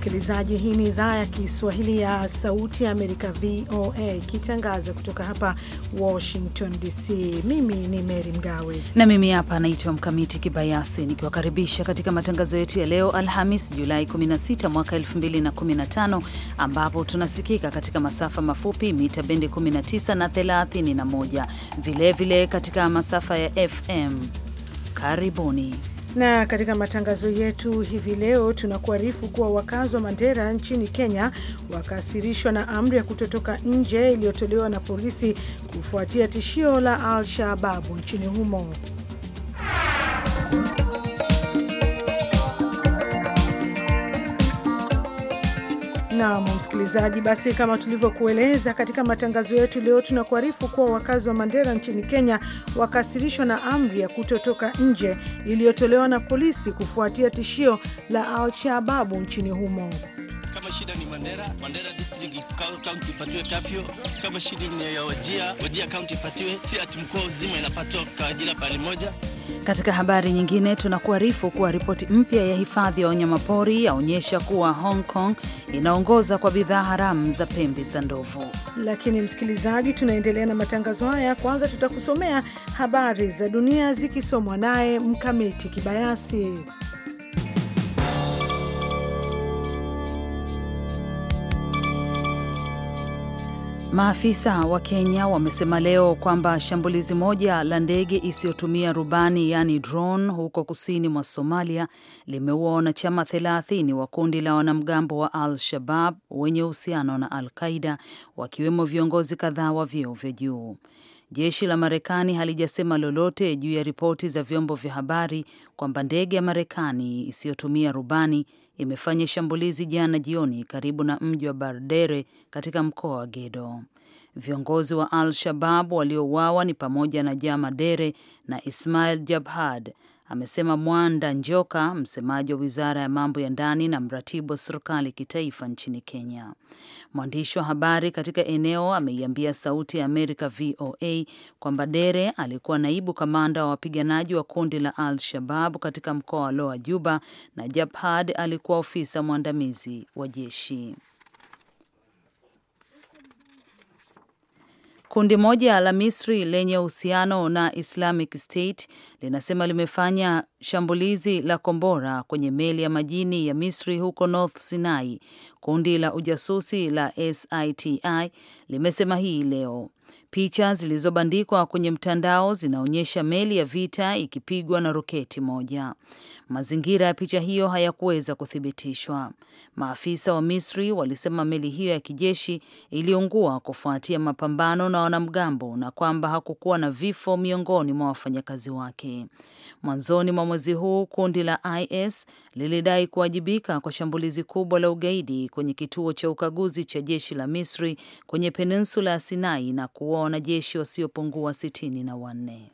msikilizaji. Hii ni idhaa ya Kiswahili ya Sauti ya Amerika, VOA, ikitangaza kutoka hapa Washington DC. Mimi ni Mary Mgawe na mimi hapa anaitwa Mkamiti Kibayasi, nikiwakaribisha katika matangazo yetu ya leo Alhamis Julai 16 mwaka 2015, ambapo tunasikika katika masafa mafupi mita bendi 19 na 31, vilevile katika masafa ya FM. Karibuni. Na katika matangazo yetu hivi leo tunakuarifu kuwa wakazi wa Mandera nchini Kenya wakasirishwa na amri ya kutotoka nje iliyotolewa na polisi kufuatia tishio la Al-Shababu nchini humo. Naam msikilizaji, basi kama tulivyokueleza katika matangazo yetu leo, tunakuarifu kuwa wakazi wa Mandera nchini Kenya wakasirishwa na amri ya kutotoka nje iliyotolewa na polisi kufuatia tishio la Alshababu nchini humo. Kama shida ni Mandera, Mandera ipatiwe kapyo. Kama shida ni ya Wajia, Wajia kaunti ipatiwe, si ati mkoa inapatiwa kwa ajili pale moja. Katika habari nyingine, tunakuarifu kuwa ripoti mpya ya hifadhi ya wanyamapori yaonyesha kuwa Hong Kong inaongoza kwa bidhaa haramu za pembe za ndovu. Lakini msikilizaji, tunaendelea na matangazo haya. Kwanza tutakusomea habari za dunia zikisomwa naye Mkamiti Kibayasi. Maafisa wa Kenya wamesema leo kwamba shambulizi moja la ndege isiyotumia rubani yaani drone huko kusini mwa Somalia limeua wanachama 30 wa kundi la wanamgambo wa Al-Shabab wenye uhusiano na Al-Qaida wakiwemo viongozi kadhaa wa vyeo vya juu. Jeshi la Marekani halijasema lolote juu ya ripoti za vyombo vya habari kwamba ndege ya Marekani isiyotumia rubani imefanya shambulizi jana jioni karibu na mji wa Bardere katika mkoa wa Gedo. Viongozi wa Al Shabab waliouawa ni pamoja na Jama Dere na Ismail Jabhad amesema Mwanda Njoka, msemaji wa wizara ya mambo ya ndani na mratibu wa serikali kitaifa nchini Kenya. Mwandishi wa habari katika eneo ameiambia Sauti ya Amerika VOA kwamba Dere alikuwa naibu kamanda wa wapiganaji wa kundi la Al Shabab katika mkoa wa Loa Juba, na Jabhad alikuwa ofisa mwandamizi wa jeshi. Kundi moja la Misri lenye uhusiano na Islamic State linasema limefanya shambulizi la kombora kwenye meli ya majini ya Misri huko North Sinai. Kundi la ujasusi la SITI limesema hii leo. Picha zilizobandikwa kwenye mtandao zinaonyesha meli ya vita ikipigwa na roketi moja. Mazingira ya picha hiyo hayakuweza kuthibitishwa. Maafisa wa Misri walisema meli hiyo ya kijeshi iliungua kufuatia mapambano na wanamgambo na kwamba hakukuwa na vifo miongoni mwa wafanyakazi wake. Mwanzoni mwa mwezi huu kundi la IS lilidai kuwajibika kwa shambulizi kubwa la ugaidi kwenye kituo cha ukaguzi cha jeshi la Misri kwenye peninsula ya Sinai na kuua wanajeshi wasiopungua sitini na wanne.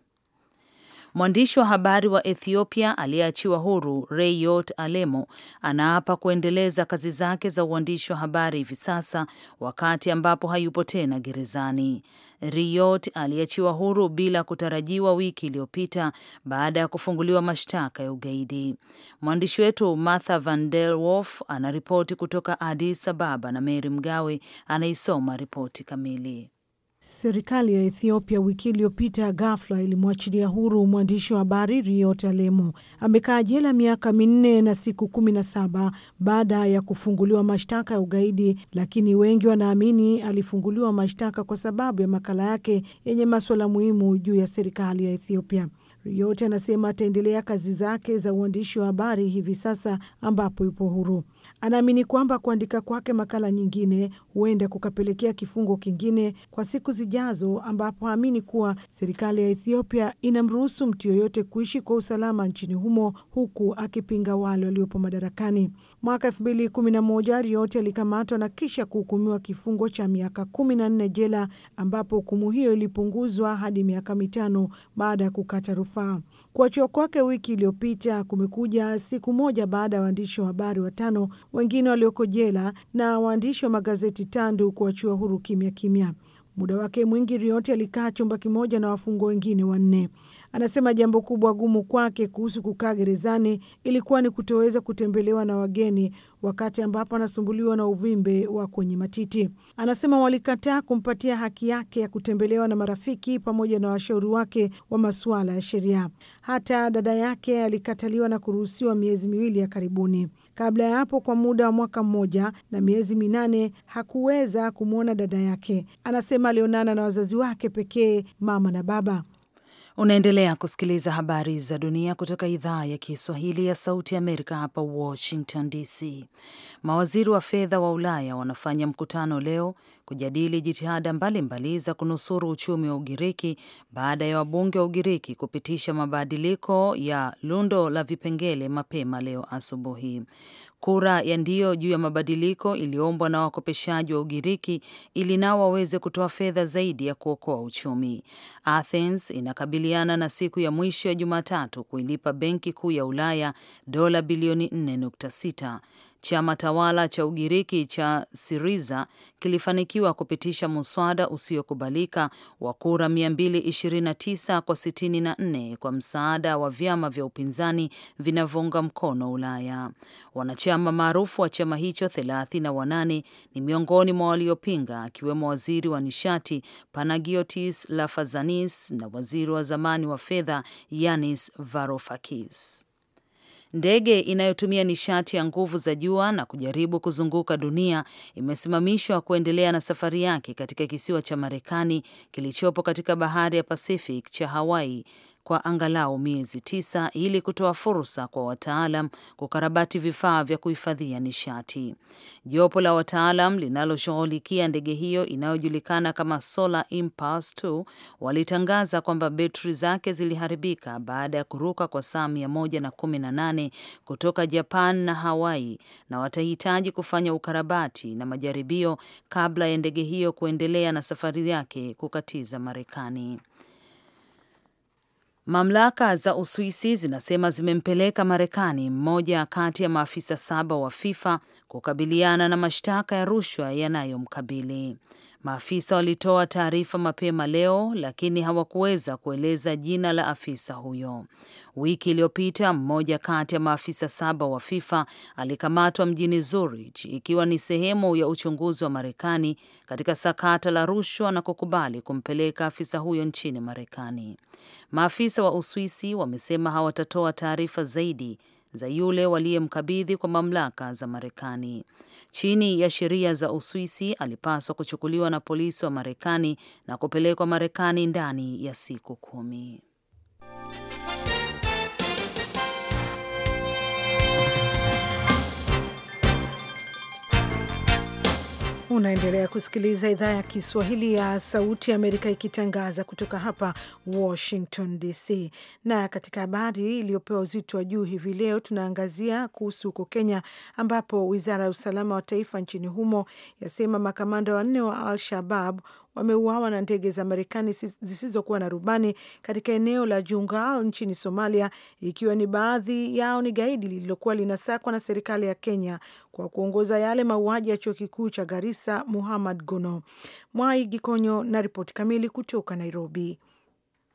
Mwandishi wa habari wa Ethiopia aliyeachiwa huru reyot Alemo anaapa kuendeleza kazi zake za uandishi wa habari hivi sasa, wakati ambapo hayupo tena gerezani. Reeyot aliachiwa huru bila kutarajiwa wiki iliyopita baada ya kufunguliwa mashtaka ya ugaidi. Mwandishi wetu Martha Van Der Wolf anaripoti kutoka Addis Ababa na mery Mgawe anaisoma ripoti kamili. Serikali ya Ethiopia wiki iliyopita ghafla ilimwachilia huru mwandishi wa habari Riota Lemu. Amekaa jela miaka minne na siku kumi na saba baada ya kufunguliwa mashtaka ya ugaidi, lakini wengi wanaamini alifunguliwa mashtaka kwa sababu ya makala yake yenye maswala muhimu juu ya serikali ya Ethiopia. Riota anasema ataendelea kazi zake za uandishi wa habari hivi sasa ambapo yupo huru. Anaamini kwamba kuandika kwake makala nyingine huenda kukapelekea kifungo kingine kwa siku zijazo, ambapo haamini kuwa serikali ya Ethiopia inamruhusu mtu yoyote kuishi kwa usalama nchini humo, huku akipinga wale waliopo madarakani. Mwaka elfu mbili kumi na moja Rioti alikamatwa na kisha kuhukumiwa kifungo cha miaka kumi na nne jela, ambapo hukumu hiyo ilipunguzwa hadi miaka mitano baada ya kukata rufaa. Kuachiwa kwake wiki iliyopita kumekuja siku moja baada ya waandishi wa habari watano wengine walioko jela na waandishi wa magazeti tandu kuachiwa huru kimya kimya. Muda wake mwingi Rioti alikaa chumba kimoja na wafungwa wengine wanne. Anasema jambo kubwa gumu kwake kuhusu kukaa gerezani ilikuwa ni kutoweza kutembelewa na wageni wakati ambapo anasumbuliwa na uvimbe wa kwenye matiti. Anasema walikataa kumpatia haki yake ya kutembelewa na marafiki pamoja na washauri wake wa masuala ya sheria. Hata dada yake alikataliwa na kuruhusiwa miezi miwili ya karibuni. Kabla ya hapo, kwa muda wa mwaka mmoja na miezi minane hakuweza kumwona dada yake. Anasema alionana na wazazi wake pekee, mama na baba. Unaendelea kusikiliza habari za dunia kutoka idhaa ya Kiswahili ya Sauti ya Amerika hapa Washington DC. Mawaziri wa fedha wa Ulaya wanafanya mkutano leo kujadili jitihada mbalimbali za kunusuru uchumi wa Ugiriki baada ya wabunge wa Ugiriki kupitisha mabadiliko ya lundo la vipengele mapema leo asubuhi. Kura ya ndio juu ya mabadiliko iliyoombwa na wakopeshaji wa Ugiriki ili nao waweze kutoa fedha zaidi ya kuokoa uchumi. Athens inakabiliana na siku ya mwisho ya Jumatatu kuilipa Benki Kuu ya Ulaya dola bilioni 4.6 Chama tawala cha Ugiriki cha Siriza kilifanikiwa kupitisha muswada usiokubalika wa kura 229 kwa 64 kwa msaada wa vyama vya upinzani vinavyounga mkono Ulaya. Wanachama maarufu wa chama hicho 38 ni miongoni mwa waliopinga, akiwemo waziri wa nishati Panagiotis Lafazanis na waziri wa zamani wa fedha Yanis Varoufakis. Ndege inayotumia nishati ya nguvu za jua na kujaribu kuzunguka dunia imesimamishwa kuendelea na safari yake katika kisiwa cha Marekani kilichopo katika bahari ya Pacific cha Hawaii kwa angalau miezi tisa ili kutoa fursa kwa wataalam kukarabati vifaa vya kuhifadhia nishati. Jopo la wataalam linaloshughulikia ndege hiyo inayojulikana kama Solar Impulse 2 walitangaza kwamba betri zake ziliharibika baada ya kuruka kwa saa 118 kutoka Japan na Hawaii na watahitaji kufanya ukarabati na majaribio kabla ya ndege hiyo kuendelea na safari yake kukatiza Marekani. Mamlaka za Uswisi zinasema zimempeleka Marekani mmoja kati ya maafisa saba wa FIFA kukabiliana na mashtaka ya rushwa yanayomkabili. Maafisa walitoa taarifa mapema leo, lakini hawakuweza kueleza jina la afisa huyo. Wiki iliyopita mmoja kati ya maafisa saba wa FIFA alikamatwa mjini Zurich ikiwa ni sehemu ya uchunguzi wa Marekani katika sakata la rushwa na kukubali kumpeleka afisa huyo nchini Marekani. Maafisa wa Uswisi wamesema hawatatoa taarifa zaidi za yule waliyemkabidhi kwa mamlaka za Marekani. Chini ya sheria za Uswisi, alipaswa kuchukuliwa na polisi wa Marekani na kupelekwa Marekani ndani ya siku kumi. Unaendelea kusikiliza idhaa ya Kiswahili ya Sauti ya Amerika ikitangaza kutoka hapa Washington DC. Na katika habari iliyopewa uzito wa juu hivi leo, tunaangazia kuhusu huko Kenya, ambapo wizara ya usalama wa taifa nchini humo yasema makamanda wanne wa Al Shabab wameuawa na ndege za Marekani zisizokuwa na rubani katika eneo la Jungal nchini Somalia, ikiwa ni baadhi yao ni gaidi lililokuwa linasakwa na serikali ya Kenya kwa kuongoza yale mauaji ya chuo kikuu cha Garissa, Muhammad Gono. Mwai Gikonyo na ripoti kamili kutoka Nairobi.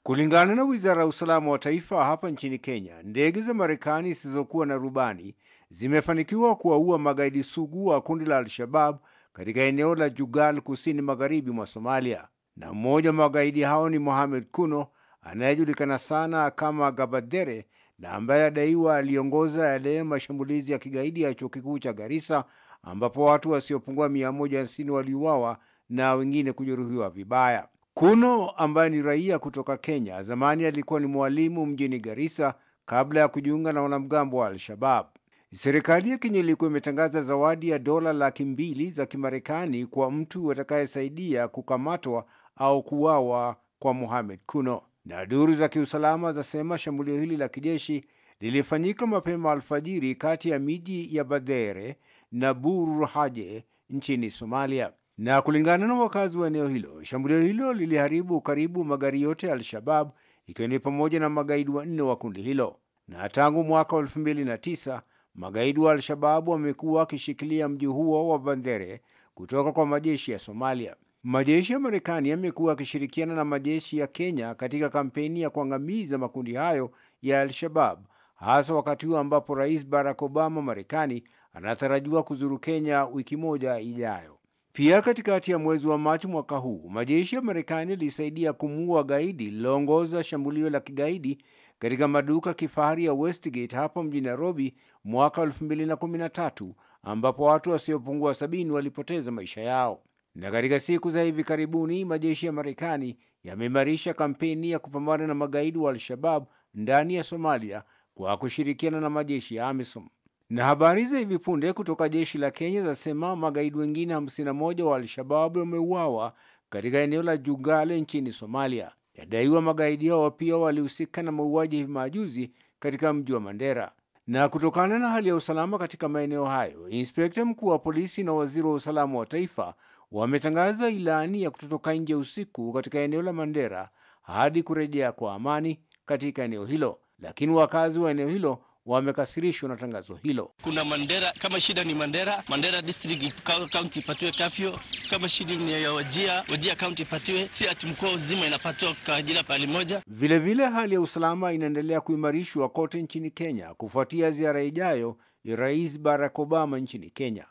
Kulingana na wizara ya usalama wa taifa hapa nchini Kenya, ndege za Marekani zisizokuwa na rubani zimefanikiwa kuwaua magaidi sugu wa kundi la Al-Shabab katika eneo la Jugal kusini magharibi mwa Somalia, na mmoja wa magaidi hao ni Mohamed Kuno anayejulikana sana kama Gabadere na ambaye adaiwa aliongoza yale mashambulizi ya kigaidi ya chuo kikuu cha Garissa ambapo watu wasiopungua 150 waliuawa na wengine kujeruhiwa vibaya. Kuno ambaye ni raia kutoka Kenya, zamani alikuwa ni mwalimu mjini Garissa kabla ya kujiunga na wanamgambo wa Al-Shabab. Serikali ya Kenya ilikuwa imetangaza zawadi ya dola laki mbili za Kimarekani kwa mtu atakayesaidia kukamatwa au kuuawa kwa Mohamed Kuno, na duru za kiusalama zasema shambulio hili la kijeshi lilifanyika mapema alfajiri kati ya miji ya Badhere na Buru Haje nchini Somalia. Na kulingana na wakazi wa eneo hilo, shambulio hilo liliharibu karibu magari yote ya Al-Shabab, ikiwa ni pamoja na magaidi wanne wa kundi hilo. Na tangu mwaka wa 2009 Magaidi wa Al-Shababu wamekuwa wakishikilia mji huo wa Bandere kutoka kwa majeshi ya Somalia. Majeshi ya Marekani yamekuwa yakishirikiana na majeshi ya Kenya katika kampeni ya kuangamiza makundi hayo ya Al-Shabab, hasa wakati huo ambapo Rais Barack Obama Marekani anatarajiwa kuzuru Kenya wiki moja ijayo. Pia katikati ya mwezi wa Machi mwaka huu, majeshi ya Marekani yalisaidia kumuua gaidi liloongoza shambulio la kigaidi katika maduka kifahari ya Westgate hapo mjini Nairobi mwaka 2013 ambapo watu wasiopungua sabini walipoteza maisha yao. Na katika siku za hivi karibuni majeshi ya Marekani yameimarisha kampeni ya kupambana na magaidi wa Al-Shabab ndani ya Somalia kwa kushirikiana na majeshi ya AMISOM. Na habari za hivi punde kutoka jeshi la Kenya zasema magaidi wengine 51 wa Al-Shabab wameuawa katika eneo la Jugale nchini Somalia. Yadaiwa magaidi hao pia walihusika na mauaji hivi majuzi katika mji wa Mandera. Na kutokana na hali ya usalama katika maeneo hayo, inspekta mkuu wa polisi na waziri wa usalama wa taifa wametangaza ilani ya kutotoka nje usiku katika eneo la Mandera hadi kurejea kwa amani katika eneo hilo, lakini wakazi wa eneo hilo wamekasirishwa na tangazo hilo. Kuna Mandera, kama shida ni Mandera, Mandera district county ipatiwe kafyo. Kama shida ni ya Wajia, Wajia county ipatiwe, si ati mkoa uzima inapatiwa kwa ajili pahali moja. Vilevile hali ya usalama inaendelea kuimarishwa kote nchini Kenya kufuatia ziara ijayo ya Rais Barack Obama nchini Kenya.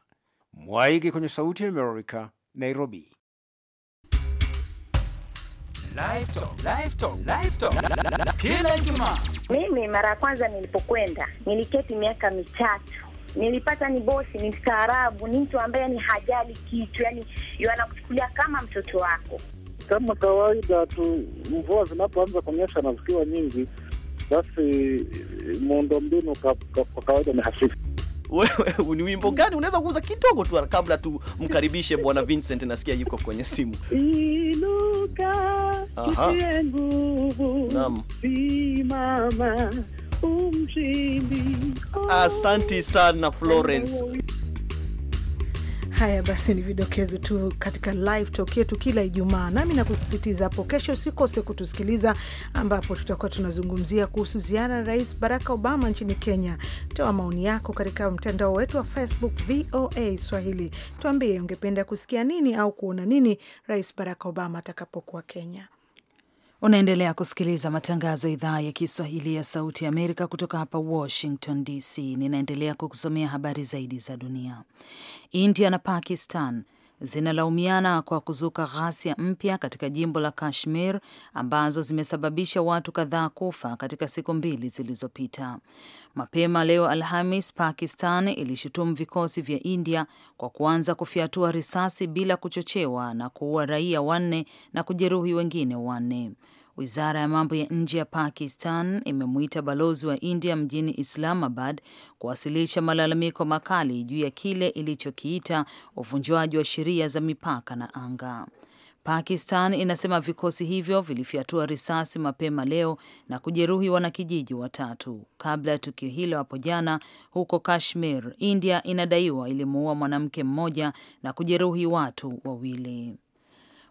Mwaiki kwenye Sauti ya Amerika, Nairobi kila Ijumaa. Mimi mara ya kwanza nilipokwenda niliketi miaka mitatu nilipata ni bosi, ni mstaarabu, ni mtu ambaye ni hajali kitu, yani anakuchukulia kama mtoto wako. Kama kawaida tu, mvua zinapoanza kunyesha na zikiwa nyingi, basi eh, muundombinu kwa kawaida ni hafifu wewe ni wimbo gani unaweza kuuza kidogo tu kabla tumkaribishe bwana Vincent, nasikia yuko kwenye simu. Inuka utie nguvu, simama umshindi. Asanti sana Florence. Haya basi, ni vidokezo tu katika live talk yetu kila Ijumaa, nami nakusisitiza hapo kesho usikose kutusikiliza, ambapo tutakuwa tunazungumzia kuhusu ziara ya Rais Barack Obama nchini Kenya. Toa maoni yako katika mtandao wetu wa Facebook VOA Swahili. Tuambie ungependa kusikia nini au kuona nini Rais Barack Obama atakapokuwa Kenya. Unaendelea kusikiliza matangazo ya idhaa ya Kiswahili ya Sauti ya Amerika kutoka hapa Washington DC. Ninaendelea kukusomea habari zaidi za dunia. India na Pakistan zinalaumiana kwa kuzuka ghasia mpya katika jimbo la Kashmir ambazo zimesababisha watu kadhaa kufa katika siku mbili zilizopita. Mapema leo Alhamis, Pakistan ilishutumu vikosi vya India kwa kuanza kufyatua risasi bila kuchochewa na kuua raia wanne na kujeruhi wengine wanne. Wizara ya mambo ya nje ya Pakistan imemwita balozi wa India mjini Islamabad kuwasilisha malalamiko makali juu ya kile ilichokiita uvunjwaji wa sheria za mipaka na anga. Pakistan inasema vikosi hivyo vilifyatua risasi mapema leo na kujeruhi wanakijiji watatu kabla ya tukio hilo hapo jana huko Kashmir. India inadaiwa ilimuua mwanamke mmoja na kujeruhi watu wawili.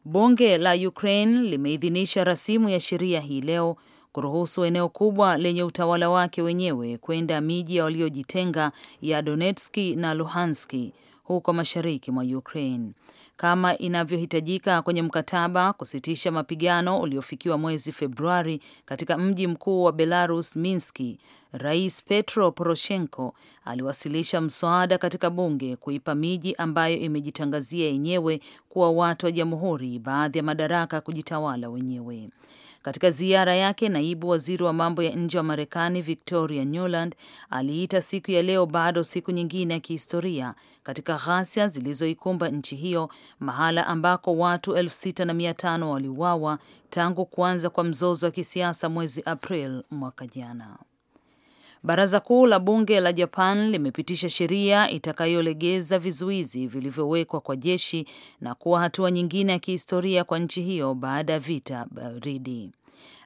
Bunge la Ukraine limeidhinisha rasimu ya sheria hii leo kuruhusu eneo kubwa lenye utawala wake wenyewe kwenda miji ya waliojitenga ya Donetski na Luhanski huko mashariki mwa Ukraine kama inavyohitajika kwenye mkataba kusitisha mapigano uliofikiwa mwezi Februari katika mji mkuu wa Belarus, Minski. Rais Petro Poroshenko aliwasilisha mswada katika bunge kuipa miji ambayo imejitangazia yenyewe kuwa watu wa jamhuri baadhi ya madaraka kujitawala wenyewe. Katika ziara yake, naibu waziri wa mambo ya nje wa Marekani Victoria Newland aliita siku ya leo bado siku nyingine ya kihistoria katika ghasia zilizoikumba nchi hiyo, mahala ambako watu elfu na waliuawa tangu kuanza kwa mzozo wa kisiasa mwezi April mwaka jana. Baraza kuu la bunge la Japan limepitisha sheria itakayolegeza vizuizi vilivyowekwa kwa jeshi na kuwa hatua nyingine ya kihistoria kwa nchi hiyo baada ya vita baridi.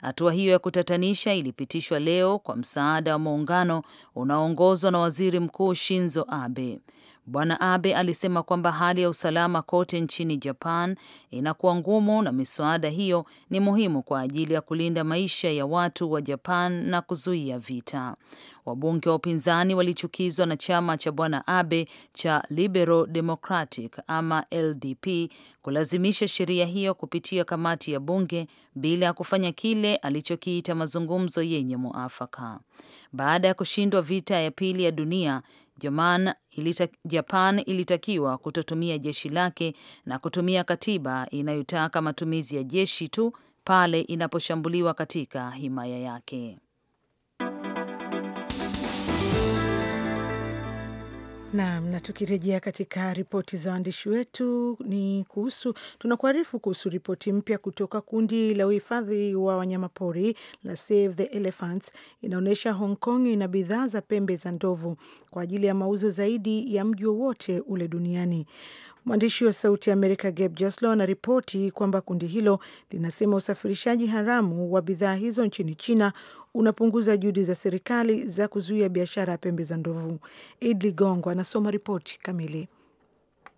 Hatua hiyo ya kutatanisha ilipitishwa leo kwa msaada wa muungano unaoongozwa na Waziri Mkuu Shinzo Abe. Bwana Abe alisema kwamba hali ya usalama kote nchini Japan inakuwa ngumu na miswada hiyo ni muhimu kwa ajili ya kulinda maisha ya watu wa Japan na kuzuia vita. Wabunge wa upinzani walichukizwa na chama cha Bwana Abe cha Liberal Democratic ama LDP kulazimisha sheria hiyo kupitia kamati ya bunge bila ya kufanya kile alichokiita mazungumzo yenye muafaka. Baada ya kushindwa vita ya pili ya dunia, Japan, ilita, Japan ilitakiwa kutotumia jeshi lake na kutumia katiba inayotaka matumizi ya jeshi tu pale inaposhambuliwa katika himaya yake. Naam, na tukirejea katika ripoti za waandishi wetu ni kuhusu, tunakuarifu kuhusu ripoti mpya kutoka kundi la uhifadhi wa wanyamapori la Save the Elephants inaonyesha Hong Kong ina bidhaa za pembe za ndovu kwa ajili ya mauzo zaidi ya mji wowote ule duniani. Mwandishi wa Sauti ya Amerika Gabe Joslow anaripoti kwamba kundi hilo linasema usafirishaji haramu wa bidhaa hizo nchini China unapunguza juhudi za serikali za kuzuia biashara ya pembe za ndovu. Idli gongo anasoma ripoti kamili.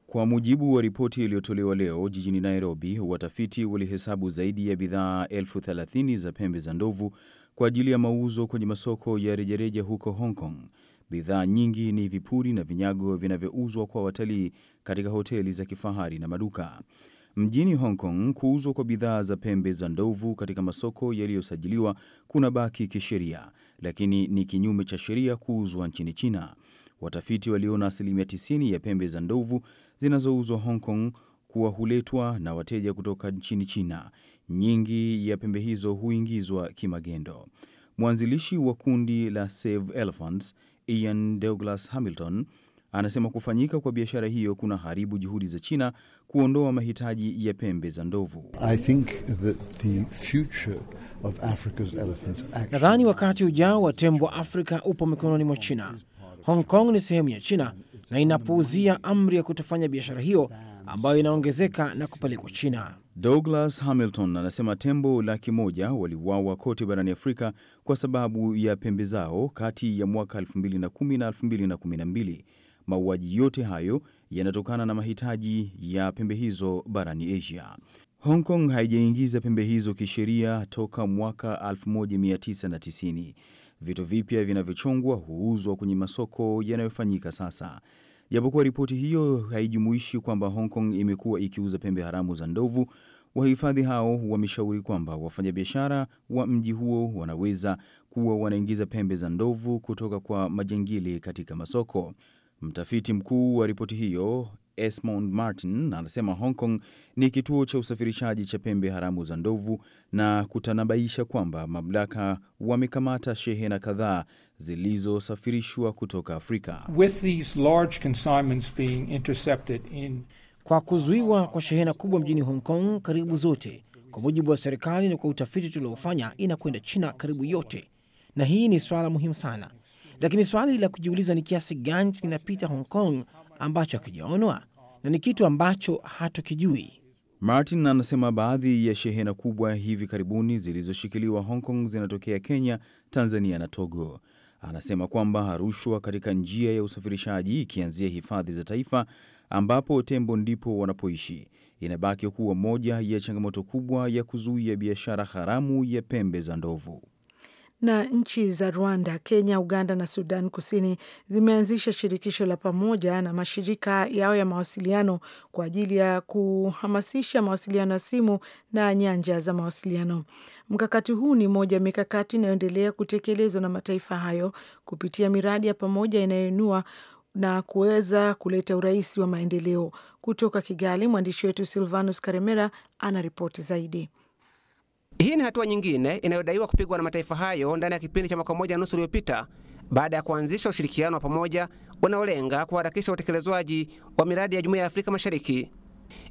Kwa mujibu wa ripoti iliyotolewa leo jijini Nairobi, watafiti walihesabu zaidi ya bidhaa elfu thelathini za pembe za ndovu kwa ajili ya mauzo kwenye masoko ya rejareja huko Hong Kong Bidhaa nyingi ni vipuri na vinyago vinavyouzwa kwa watalii katika hoteli za kifahari na maduka. Mjini Hong Kong, kuuzwa kwa bidhaa za pembe za ndovu katika masoko yaliyosajiliwa kuna baki kisheria, lakini ni kinyume cha sheria kuuzwa nchini China. Watafiti waliona asilimia 90 ya pembe za ndovu zinazouzwa Hong Kong kuwa huletwa na wateja kutoka nchini China. Nyingi ya pembe hizo huingizwa kimagendo. Mwanzilishi wa kundi la Save Elephants Ian Douglas Hamilton anasema kufanyika kwa biashara hiyo kuna haribu juhudi za China kuondoa mahitaji ya pembe za ndovu. Nadhani wakati ujao wa tembo wa Afrika upo mikononi mwa China. Hong Kong ni sehemu ya China na inapuuzia amri ya kutofanya biashara hiyo ambayo inaongezeka na kupelekwa China. Douglas Hamilton anasema tembo laki moja waliuawa kote barani Afrika kwa sababu ya pembe zao kati ya mwaka 2010 na 2012. Mauaji yote hayo yanatokana na mahitaji ya pembe hizo barani Asia. Hong Kong haijaingiza pembe hizo kisheria toka mwaka 1990. Vitu vipya vinavyochongwa huuzwa kwenye masoko yanayofanyika sasa. Japokuwa ripoti hiyo haijumuishi kwamba Hong Kong imekuwa ikiuza pembe haramu za ndovu, wahifadhi hao wameshauri kwamba wafanyabiashara wa mji huo wanaweza kuwa wanaingiza pembe za ndovu kutoka kwa majengili katika masoko. Mtafiti mkuu wa ripoti hiyo Esmond Martin anasema Hong Kong ni kituo cha usafirishaji cha pembe haramu za ndovu na kutanabaisha kwamba mamlaka wamekamata shehena kadhaa zilizosafirishwa kutoka Afrika. With these large consignments being intercepted in... kwa kuzuiwa kwa shehena kubwa mjini Hong Kong karibu zote, kwa mujibu wa serikali na kwa utafiti tuliofanya, inakwenda China karibu yote, na hii ni swala muhimu sana, lakini swali la kujiuliza ni kiasi gani kinapita Hong Kong ambacho hakijaonwa na ni kitu ambacho hatukijui. Martin anasema baadhi ya shehena kubwa hivi karibuni zilizoshikiliwa Hong Kong zinatokea Kenya, Tanzania na Togo. Anasema kwamba rushwa katika njia ya usafirishaji ikianzia hifadhi za taifa ambapo tembo ndipo wanapoishi inabaki kuwa moja ya changamoto kubwa ya kuzuia biashara haramu ya pembe za ndovu na nchi za Rwanda, Kenya, Uganda na Sudan Kusini zimeanzisha shirikisho la pamoja na mashirika yao ya mawasiliano kwa ajili ya kuhamasisha mawasiliano ya simu na nyanja za mawasiliano. Mkakati huu ni moja ya mikakati inayoendelea kutekelezwa na mataifa hayo kupitia miradi ya pamoja inayoinua na kuweza kuleta urahisi wa maendeleo. Kutoka Kigali, mwandishi wetu Silvanus Karemera ana ripoti zaidi. Hii ni hatua nyingine inayodaiwa kupigwa na mataifa hayo ndani ya kipindi cha mwaka mmoja na nusu uliopita baada ya kuanzisha ushirikiano wa pamoja unaolenga kuharakisha utekelezwaji wa miradi ya Jumuiya ya Afrika Mashariki.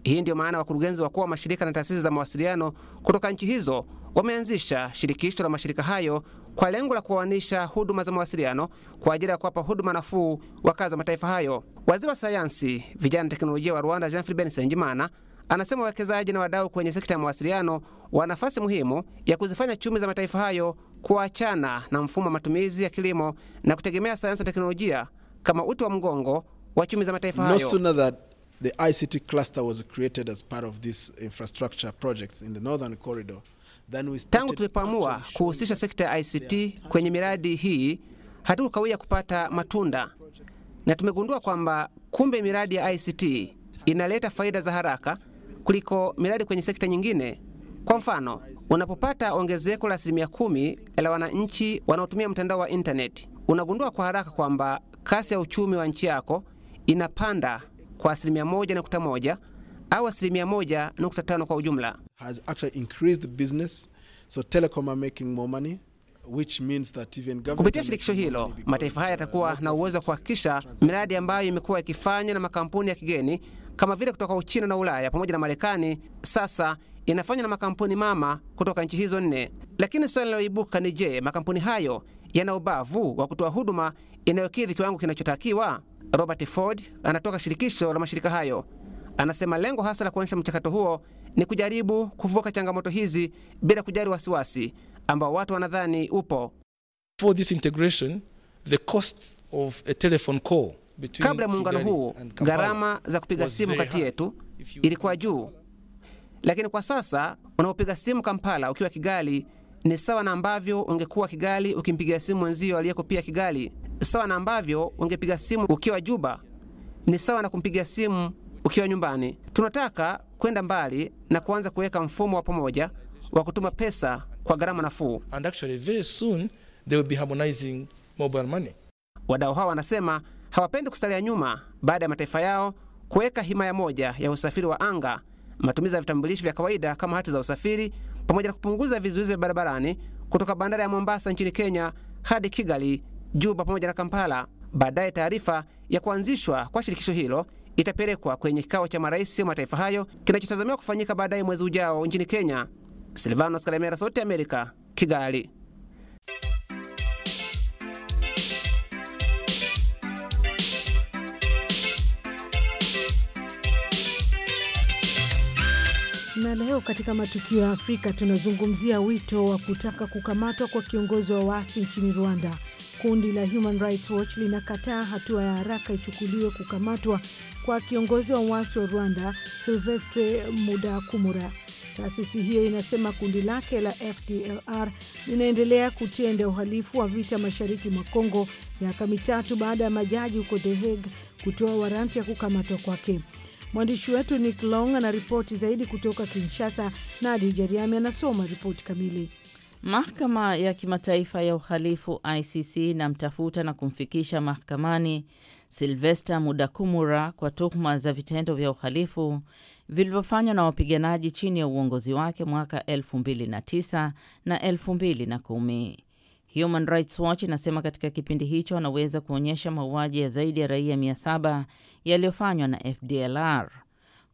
Hii ndiyo maana wakurugenzi wakuu wa mashirika na taasisi za mawasiliano kutoka nchi hizo wameanzisha shirikisho la mashirika hayo kwa lengo la kuoanisha huduma za mawasiliano kwa ajili ya kuwapa huduma nafuu wakazi wa mataifa hayo. Waziri wa sayansi, vijana na teknolojia wa Rwanda, Jean Philbert Nsengimana Anasema wawekezaji na wadau kwenye sekta ya mawasiliano wana nafasi muhimu ya kuzifanya chumi za mataifa hayo kuachana na mfumo wa matumizi ya kilimo na kutegemea sayansi na teknolojia kama uti wa mgongo wa chumi za mataifa hayo. No sooner that the ICT cluster was created as part of this infrastructure projects in the northern corridor than we started. Tangu tulipoamua kuhusisha sekta ya ICT kwenye miradi hii hatukukawia kupata matunda, na tumegundua kwamba kumbe miradi ya ICT inaleta faida za haraka kuliko miradi kwenye sekta nyingine. Kwa mfano, unapopata ongezeko la asilimia kumi la wananchi wanaotumia mtandao wa intaneti, unagundua kwa haraka kwamba kasi ya uchumi wa nchi yako inapanda kwa asilimia moja nukta moja au asilimia moja nukta tano kwa ujumla. Has actually increased business, so telecom are making more money. kupitia shirikisho hilo mataifa haya yatakuwa na uwezo wa kuhakikisha miradi ambayo imekuwa ikifanywa na makampuni ya kigeni kama vile kutoka Uchina na Ulaya pamoja na Marekani, sasa inafanywa na makampuni mama kutoka nchi hizo nne. Lakini swali linaloibuka ni je, makampuni hayo yana ubavu wa kutoa huduma inayokidhi kiwango kinachotakiwa? Robert Ford anatoka shirikisho la mashirika hayo, anasema lengo hasa la kuonyesha mchakato huo ni kujaribu kuvuka changamoto hizi bila kujali wasiwasi ambao watu wanadhani upo. For this integration, the cost of a telephone call Kabla ya muungano huo gharama za kupiga simu kati yetu ilikuwa juu, lakini kwa sasa unapopiga simu Kampala ukiwa Kigali ni sawa na ambavyo ungekuwa Kigali ukimpigia simu mwenzio aliyeko pia Kigali, sawa na ambavyo ungepiga simu ukiwa Juba, ni sawa na kumpigia simu ukiwa nyumbani. Tunataka kwenda mbali na kuanza kuweka mfumo wa pamoja wa kutuma pesa kwa gharama nafuu. Wadau hawa wanasema hawapendi kusalia nyuma baada ya mataifa yao kuweka himaya moja ya usafiri wa anga, matumizi ya vitambulishi vya kawaida kama hati za usafiri, pamoja na kupunguza vizuizi vya barabarani kutoka bandari ya Mombasa nchini Kenya hadi Kigali, Juba pamoja na Kampala. Baadaye taarifa ya kuanzishwa kwa shirikisho hilo itapelekwa kwenye kikao cha marais wa mataifa hayo kinachotazamiwa kufanyika baadaye mwezi ujao nchini Kenya. Silvanos Kalemera, Sauti ya Amerika, Kigali. Na leo katika matukio ya Afrika tunazungumzia wito wa kutaka kukamatwa kwa kiongozi wa waasi nchini Rwanda. Kundi la Human Rights Watch linakataa hatua ya haraka ichukuliwe kukamatwa kwa kiongozi wa waasi wa Rwanda Silvestre Mudakumura. Taasisi hiyo inasema kundi lake la FDLR linaendelea kutenda uhalifu wa vita mashariki mwa Kongo miaka mitatu baada ya majaji huko The Hague kutoa waranti ya kukamatwa kwake. Mwandishi wetu Nick Long ana ripoti zaidi kutoka Kinshasa na Adija Riami anasoma ripoti kamili. Mahakama ya Kimataifa ya Uhalifu ICC inamtafuta na kumfikisha mahakamani Silvesta Mudakumura kwa tuhuma za vitendo vya uhalifu vilivyofanywa na wapiganaji chini ya uongozi wake mwaka 2009 na 2010. Human Rights Watch inasema katika kipindi hicho wanaweza kuonyesha mauaji ya zaidi ya raia 700 yaliyofanywa na FDLR.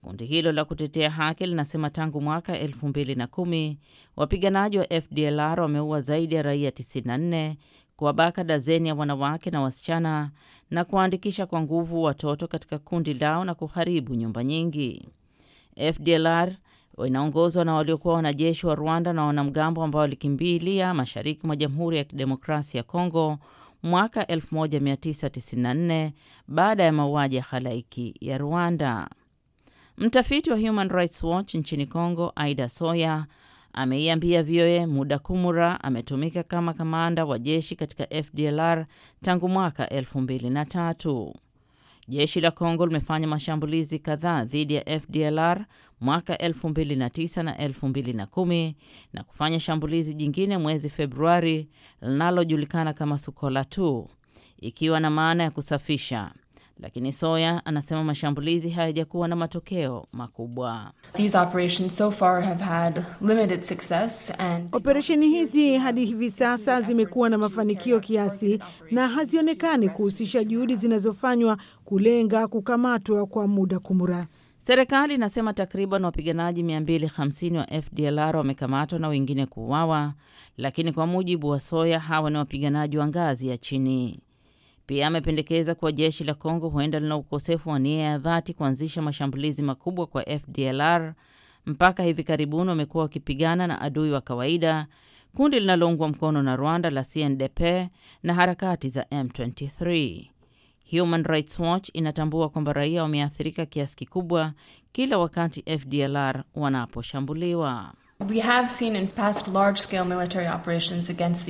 Kundi hilo la kutetea haki linasema tangu mwaka 2010 wapiganaji wa FDLR wameua zaidi ya raia 94, kuwabaka dazeni ya wanawake na wasichana na kuwaandikisha kwa nguvu watoto katika kundi lao na kuharibu nyumba nyingi. FDLR inaongozwa na waliokuwa wanajeshi wa Rwanda na wanamgambo ambao walikimbilia mashariki mwa Jamhuri ya Kidemokrasia ya Kongo mwaka 1994 baada ya mauaji ya halaiki ya Rwanda. Mtafiti wa Human Rights Watch nchini Kongo, Aida Soya ameiambia VOA Muda Kumura ametumika kama kamanda wa jeshi katika FDLR tangu mwaka 2003. Jeshi la Kongo limefanya mashambulizi kadhaa dhidi ya FDLR mwaka 2009 na 2010 na kufanya shambulizi jingine mwezi Februari linalojulikana kama Sukola 2 ikiwa na maana ya kusafisha lakini Soya anasema mashambulizi hayajakuwa na matokeo makubwa. So and... operesheni hizi hadi hivi sasa zimekuwa na mafanikio kiasi na hazionekani kuhusisha juhudi zinazofanywa kulenga kukamatwa kwa muda kumura. Serikali inasema takriban wapiganaji 250 wa FDLR wamekamatwa na wengine kuuawa, lakini kwa mujibu wa Soya hawa ni wapiganaji wa ngazi ya chini. Pia amependekeza kuwa jeshi la Kongo huenda lina ukosefu wa nia ya dhati kuanzisha mashambulizi makubwa kwa FDLR. Mpaka hivi karibuni wamekuwa wakipigana na adui wa kawaida, kundi linaloungwa mkono na Rwanda la CNDP na harakati za M23. Human Rights Watch inatambua kwamba raia wameathirika kiasi kikubwa kila wakati FDLR wanaposhambuliwa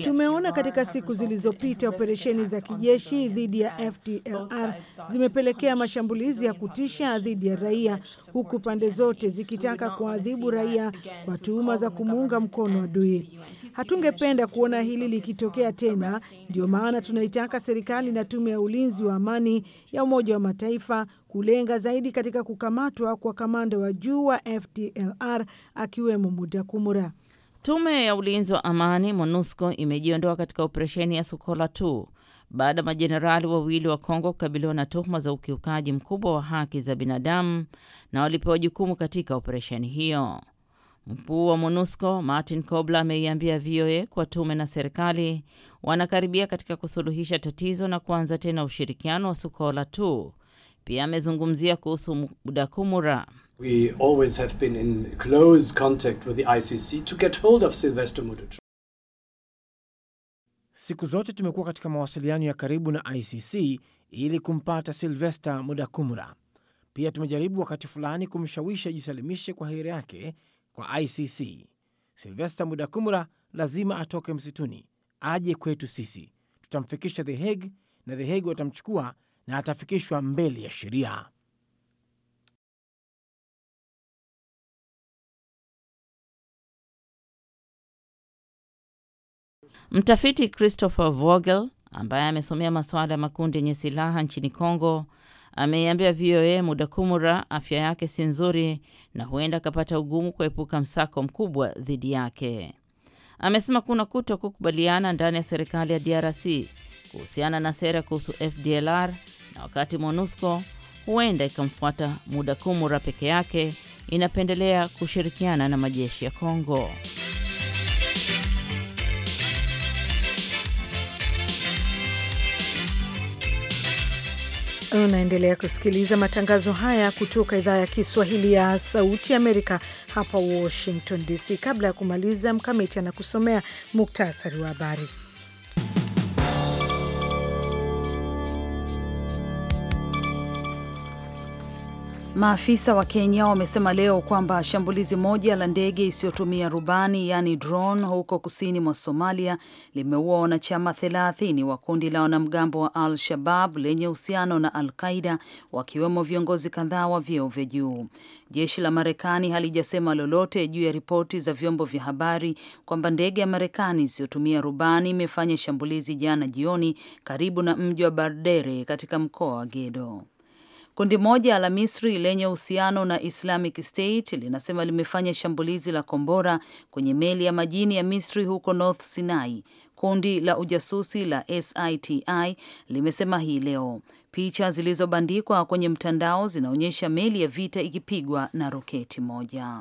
tumeona katika siku zilizopita operesheni za kijeshi dhidi ya FDLR zimepelekea mashambulizi ya kutisha dhidi ya raia, huku pande zote zikitaka kuadhibu raia kwa tuhuma za kumuunga mkono adui. Hatungependa kuona hili likitokea tena. ndio maana tunaitaka serikali na tume ya ulinzi wa amani ya Umoja wa Mataifa kulenga zaidi katika kukamatwa kwa kamanda wa juu wa FDLR akiwemo Mudakumura. Tume ya ulinzi wa amani MONUSCO imejiondoa katika operesheni ya Sokola tu baada ya majenerali wawili wa Kongo kukabiliwa na tuhuma za ukiukaji mkubwa wa haki za binadamu na walipewa jukumu katika operesheni hiyo. Mkuu wa MONUSCO Martin Kobler ameiambia VOA kwa tume na serikali wanakaribia katika kusuluhisha tatizo na kuanza tena ushirikiano wa Sukola tu. Pia amezungumzia kuhusu Mudakumura. We always have been in close contact with the ICC to get hold of Sylvester Siku zote tumekuwa katika mawasiliano ya karibu na ICC ili kumpata Sylvester Mudakumura. Pia tumejaribu wakati fulani kumshawishi ajisalimishe kwa hiari yake kwa ICC. Silvester Mudakumura lazima atoke msituni aje kwetu sisi, tutamfikisha The Hague na The Hague watamchukua na atafikishwa mbele ya sheria. Mtafiti Christopher Vogel ambaye amesomea masuala ya makundi yenye silaha nchini congo ameiambia VOA muda kumura afya yake si nzuri na huenda akapata ugumu kuepuka msako mkubwa dhidi yake. Amesema kuna kuto kukubaliana ndani ya serikali ya DRC kuhusiana na sera kuhusu FDLR na wakati MONUSCO huenda ikamfuata muda kumura peke yake inapendelea kushirikiana na majeshi ya Kongo. Unaendelea kusikiliza matangazo haya kutoka idhaa ya Kiswahili ya Sauti Amerika hapa Washington DC. Kabla ya kumaliza, Mkamiti anakusomea muktasari wa habari. Maafisa wa Kenya wamesema leo kwamba shambulizi moja la ndege isiyotumia rubani yaani drone huko kusini mwa Somalia limeua wanachama 30 wa kundi la wanamgambo wa Al Shabab lenye uhusiano na Al Qaida, wakiwemo viongozi kadhaa wa vyeo vya juu. Jeshi la Marekani halijasema lolote juu ya ripoti za vyombo vya habari kwamba ndege ya Marekani isiyotumia rubani imefanya shambulizi jana jioni karibu na mji wa Bardere katika mkoa wa Gedo. Kundi moja la Misri lenye uhusiano na Islamic State linasema limefanya shambulizi la kombora kwenye meli ya majini ya Misri huko North Sinai. Kundi la ujasusi la SITI limesema hii leo. Picha zilizobandikwa kwenye mtandao zinaonyesha meli ya vita ikipigwa na roketi moja.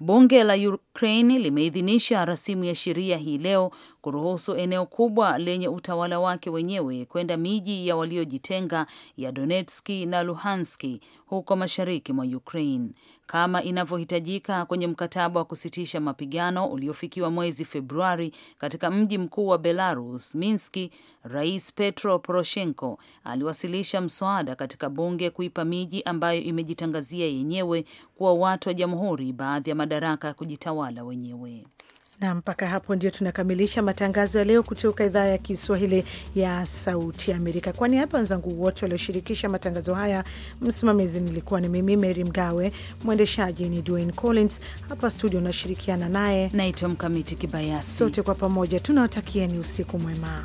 Bunge la Ukraine limeidhinisha rasimu ya sheria hii leo kuruhusu eneo kubwa lenye utawala wake wenyewe kwenda miji ya waliojitenga ya Donetski na Luhanski huko mashariki mwa Ukraine kama inavyohitajika kwenye mkataba wa kusitisha mapigano uliofikiwa mwezi Februari katika mji mkuu wa Belarus, Minski. Rais Petro Poroshenko aliwasilisha mswada katika bunge kuipa miji ambayo imejitangazia yenyewe kuwa watu wa jamhuri baadhi ya madaraka ya kujitawala wenyewe. Na mpaka hapo ndio tunakamilisha matangazo ya leo kutoka idhaa ya Kiswahili ya Sauti ya Amerika. Kwa niaba wenzangu wote walioshirikisha matangazo haya, msimamizi nilikuwa ni mimi Mary Mgawe, mwendeshaji ni Dwayne Collins, hapa studio unashirikiana naye naitwa Mkamiti Kibayasi. Sote kwa pamoja tunawatakieni usiku mwema.